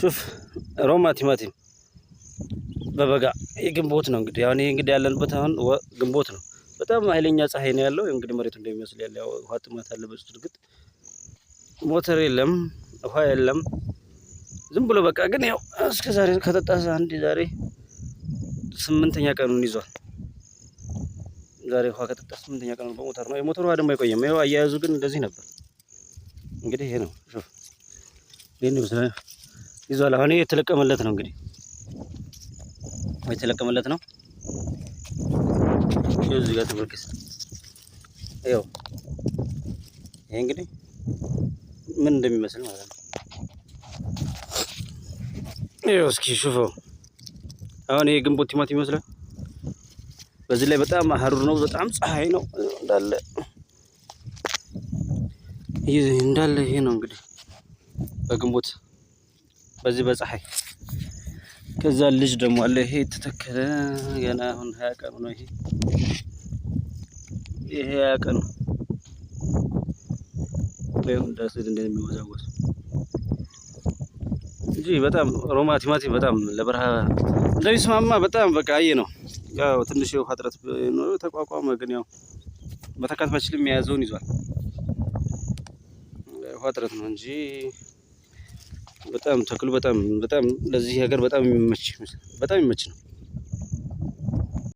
ሹፍ ሮማ ቲማቲም በበጋ የግንቦት ነው እንግዲህ አሁን ይህ እንግዲህ ያለንበት አሁን ግንቦት ነው። በጣም ኃይለኛ ፀሐይ ነው ያለው። እንግዲህ መሬቱ እንደሚመስል ያለ ውሃ ጥማት አለበት። እርግጥ ሞተር የለም፣ ውሃ የለም። ዝም ብሎ በቃ ግን ያው እስከ ዛሬ ከጠጣ አንድ ዛሬ ስምንተኛ ቀኑን ይዟል። ዛሬ ውሃ ከጠጣ ስምንተኛ ቀኑን በሞተር ነው። የሞተር ውሃ ደግሞ አይቆየም። ያው አያያዙ ግን እንደዚህ ነበር። እንግዲህ ይሄ ነው ሹፍ ይመስላል። ይዟል። አሁን የተለቀመለት ነው እንግዲህ የተለቀመለት ነው። እዚህ ጋር ተመልከስ። ይኸው ይሄ እንግዲህ ምን እንደሚመስል ማለት ነው። ይኸው እስኪ ሹፈው። አሁን ይሄ ግንቦት ቲማቲም ይመስላል። በዚህ ላይ በጣም ሀሩር ነው፣ በጣም ፀሐይ ነው እንዳለ እንዳለ ይሄ ነው እንግዲህ በግንቦት በዚህ በፀሐይ ከዛ ልጅ ደግሞ አለ። ይሄ የተተከለ ገና አሁን ሀያ ቀኑ ነው። ይሄ ይሄ ሀያ ቀኑ ይሁን እንዳስል እንደሚወዛወዝ እንጂ በጣም ሮማ ቲማቲም በጣም ለበረሃ እንደሚስማማ በጣም በቃ አየ ነው። ያው ትንሽ የውሃ እጥረት ኖሮ ተቋቋመ፣ ግን ያው መተካት ባይችልም የያዘውን ይዟል። ውሃ እጥረት ነው እንጂ በጣም ተክሉ በጣም በጣም ለዚህ ሀገር በጣም የሚመች በጣም የሚመች ነው።